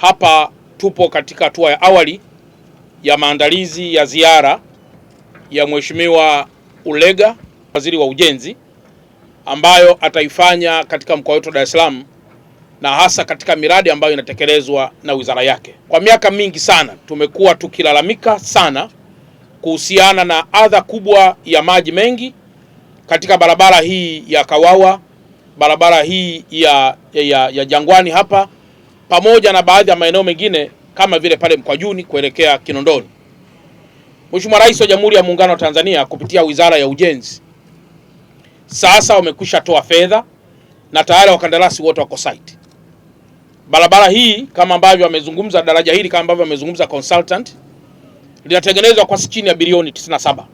Hapa tupo katika hatua ya awali ya maandalizi ya ziara ya Mheshimiwa Ulega, waziri wa ujenzi, ambayo ataifanya katika mkoa wetu wa Dar es Salaam na hasa katika miradi ambayo inatekelezwa na wizara yake. Kwa miaka mingi sana tumekuwa tukilalamika sana kuhusiana na adha kubwa ya maji mengi katika barabara hii ya Kawawa, barabara hii ya, ya, ya, ya Jangwani hapa pamoja na baadhi ya maeneo mengine kama vile pale Mkwajuni kuelekea Kinondoni. Mheshimiwa Rais wa Jamhuri ya Muungano wa Tanzania kupitia Wizara ya Ujenzi sasa wamekwisha toa fedha na tayari wakandarasi wote wako site. Barabara hii kama ambavyo amezungumza, daraja hili kama ambavyo amezungumza consultant, linatengenezwa kwa chini ya bilioni 97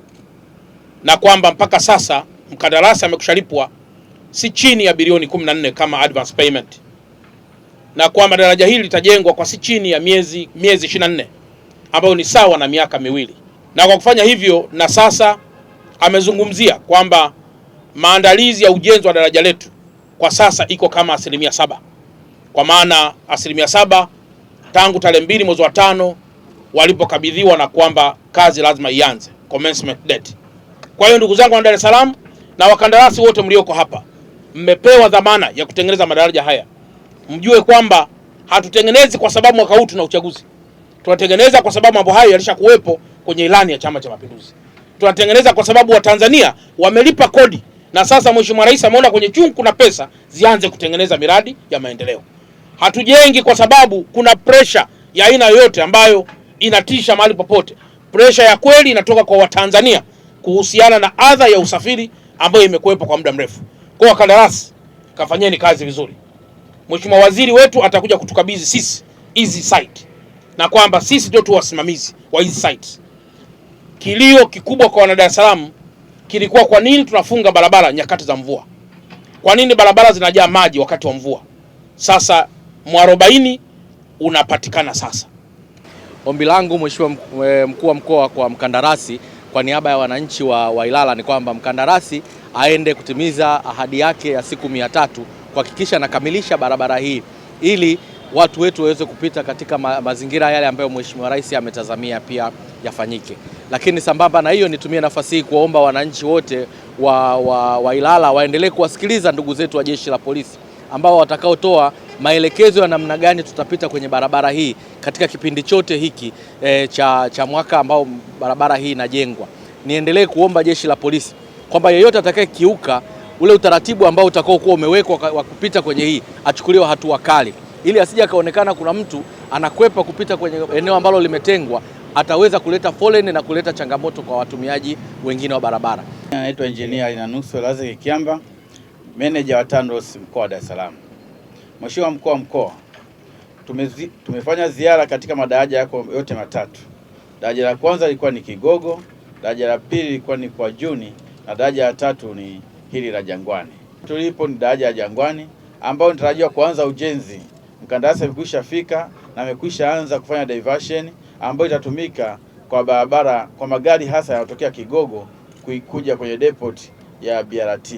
na kwamba mpaka sasa mkandarasi amekushalipwa si chini ya bilioni 14 kama advance payment na kwamba daraja hili litajengwa kwa si chini ya miezi miezi 24 ambayo ni sawa na miaka miwili. Na kwa kufanya hivyo, na sasa amezungumzia kwamba maandalizi ya ujenzi wa daraja letu kwa sasa iko kama asilimia saba, kwa maana asilimia saba tangu tarehe mbili mwezi wa tano walipokabidhiwa na kwamba kazi lazima ianze commencement date. Kwa hiyo ndugu zangu wa Dar es Salaam na wakandarasi wote mlioko hapa, mmepewa dhamana ya kutengeneza madaraja haya mjue kwamba hatutengenezi kwa sababu mwaka huu tuna uchaguzi. Tunatengeneza kwa sababu mambo hayo yalishakuwepo kwenye ilani ya Chama cha Mapinduzi. Tunatengeneza kwa sababu Watanzania wamelipa kodi na sasa Mheshimiwa Rais ameona kwenye chungu kuna pesa, zianze kutengeneza miradi ya maendeleo. Hatujengi kwa sababu kuna presha ya aina yoyote ambayo inatisha mahali popote. Presha ya kweli inatoka kwa Watanzania kuhusiana na adha ya usafiri ambayo imekuwepo kwa muda mrefu. Kwa wakandarasi, kafanyeni kazi vizuri. Mheshimiwa waziri wetu atakuja kutukabidhi sisi hizi site na kwamba sisi ndio tu wasimamizi wa hizi site. Kilio kikubwa kwa wana es Salaam kilikuwa kwa nini tunafunga barabara nyakati za mvua? Kwa nini barabara zinajaa maji wakati wa mvua? Sasa mwarobaini unapatikana sasa. Ombi langu Mheshimiwa eh, mkuu wa mkoa kwa mkandarasi kwa niaba ya wananchi wa, wa Ilala ni kwamba mkandarasi aende kutimiza ahadi yake ya siku mia tatu kuhakikisha anakamilisha barabara hii ili watu wetu waweze kupita katika ma mazingira yale ambayo Mheshimiwa Rais ametazamia pia yafanyike. Lakini sambamba na hiyo, nitumie nafasi hii kuwaomba wananchi wote wa, wa, wa Ilala waendelee kuwasikiliza ndugu zetu wa Jeshi la Polisi ambao watakaotoa maelekezo ya namna gani tutapita kwenye barabara hii katika kipindi chote hiki e, cha, cha mwaka ambao barabara hii inajengwa. Niendelee kuomba Jeshi la Polisi kwamba yeyote atakayekiuka ule utaratibu ambao utakao kuwa umewekwa wa kupita kwenye hii achukuliwa hatua kali, ili asije akaonekana kuna mtu anakwepa kupita kwenye eneo ambalo limetengwa, ataweza kuleta foleni na kuleta changamoto kwa watumiaji wengine wa barabara. Naitwa Engineer Alinanusu Lazari Kiamba, manager wa TANROADS mkoa wa Dar es Salaam. Mheshimiwa mkuu wa mkoa, tumezi, tumefanya ziara katika madaraja yako yote matatu. Daraja la kwanza lilikuwa ni Kigogo, daraja la pili lilikuwa ni kwa Juni na daraja la tatu ni hili la Jangwani. Tulipo ni daraja ya Jangwani ambayo nitarajiwa kuanza ujenzi. Mkandarasi amekwisha fika na amekwisha anza kufanya diversion ambayo itatumika kwa barabara kwa magari hasa yanayotokea Kigogo kuikuja kwenye depot ya BRT.